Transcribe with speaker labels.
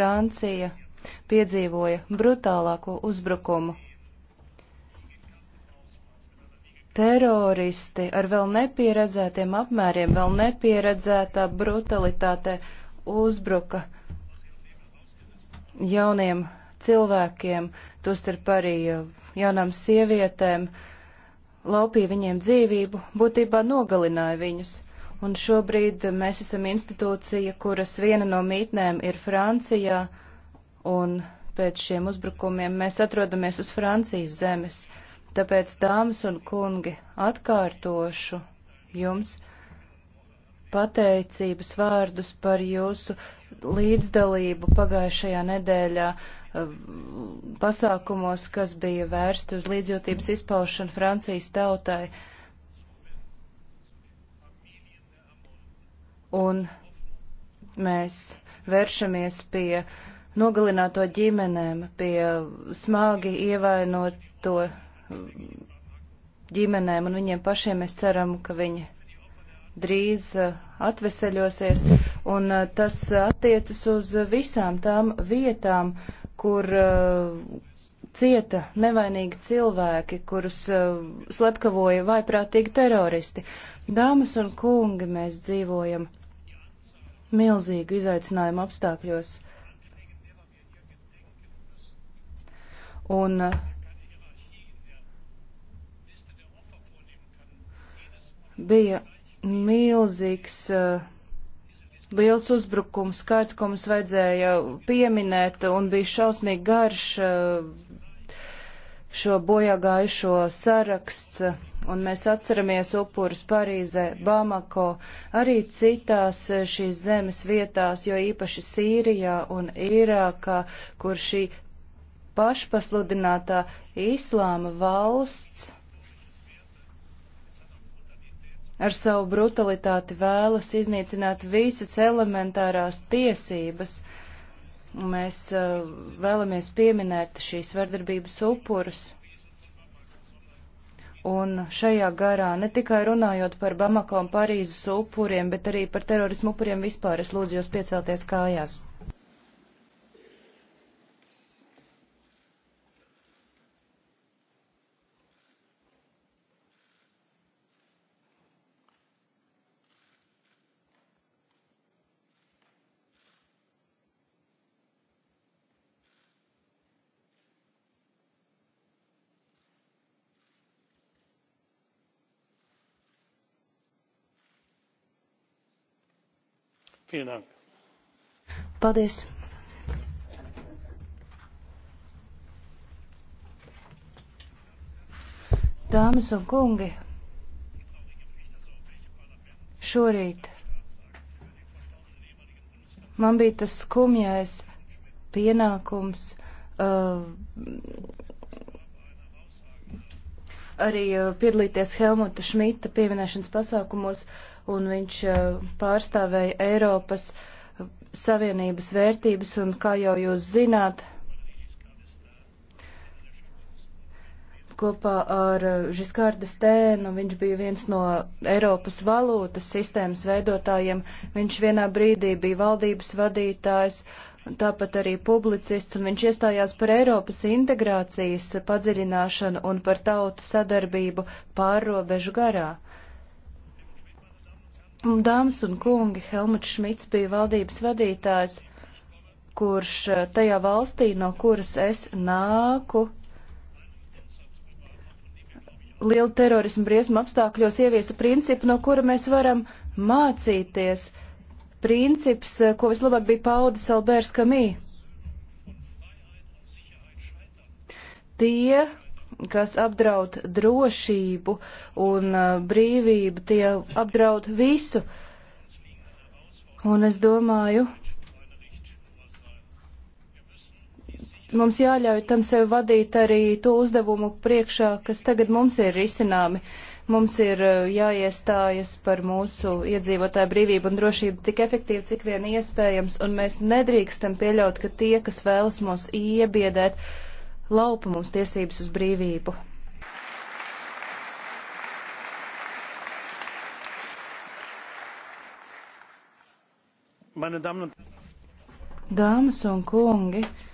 Speaker 1: Francija piedzīvoja brutālāko uzbrukumu. Teroristi ar vēl nepieredzētiem apmēriem, vēl nepieredzētā brutalitāte uzbruka jauniem cilvēkiem, tostarp arī uh, jaunām sievietēm, laupīja viņiem dzīvību, būtībā nogalināja viņus. Un šobrīd mēs esam institūcija, kuras viena no mītnēm ir Francijā, un pēc šiem uzbrukumiem mēs atrodamies uz Francijas zemes. Tāpēc, dāmas un kungi, atkārtošu jums pateicības vārdus par jūsu līdzdalību pagājušajā nedēļā eh, pasākumos, kas bija vērsti uz līdzjūtības izpaušanu Francijas tautai. un mēs vēršamies pie nogalināto ģimenēm, pie smagi ievainoto ģimenēm, un viņiem pašiem mēs ceram, ka viņi drīz uh, atveseļosies, un uh, tas attiecas uz visām tām vietām, kur uh, cieta nevainīgi cilvēki, kurus slepkavoja vaiprātīgi teroristi. Dāmas un kungi, mēs dzīvojam milzīgu izaicinājumu apstākļos. Un uh, bija milzīgs uh, liels uzbrukums, skaits, ko mums vajadzēja pieminēt, un bija šausmīgi garš uh, šo bojāgājušo saraksts un mēs atceramies upurus Parīzē, Bamako, arī citās e, šīs zemes vietās, jo īpaši Sīrijā un Irākā, kur šī pašpasludinātā islāma valsts ar savu brutalitāti vēlas iznīcināt visas elementārās tiesības. Mēs uh, vēlamies pieminēt šīs vardarbības upurus. Un šajā garā ne tikai runājot par Bamako un Parīzes upuriem, bet arī par terorismu upuriem vispār es lūdzu jūs piecelties kājās. Paldies! Dāmas un kungi, šorīt man bija tas skumjais pienākums uh, arī eh, piedalīties Helmuta Šmita pieminēšanas pasākumos, un viņš eh, pārstāvēja Eiropas eh, Savienības vērtības, un kā jau jūs zināt, kopā ar Žiskārda Stēnu, viņš bija viens no Eiropas valūtas sistēmas veidotājiem, viņš vienā brīdī bija valdības vadītājs, uh, tāpat arī publicists, un viņš iestājās par Eiropas integrācijas padziļināšanu un par tautu sadarbību pārrobežu garā. Dāmas un kungi, Helmuts Šmits bija valdības vadītājs, kurš eh, tajā valstī, no kuras es nāku, lielu terorismu briesmu apstākļos ieviesa principu, no kura mēs varam mācīties. Uh, princips, eh, ko vislabāk bija paudis Albērs Kamī. Tie, kas apdraud drošību un eh, brīvību, tie apdraud visu. Un es domāju, mums jāļauj tam sevi vadīt arī to uzdevumu priekšā, kas tagad mums ir risināmi. Mums ir eh, jāiestājas par mūsu iedzīvotāju brīvību un drošību tik efektīvi, cik vien iespējams, un mēs nedrīkstam pieļaut, ka tie, kas vēlas mūs iebiedēt, laupa mums tiesības uz brīvību. Dāmas un kungi,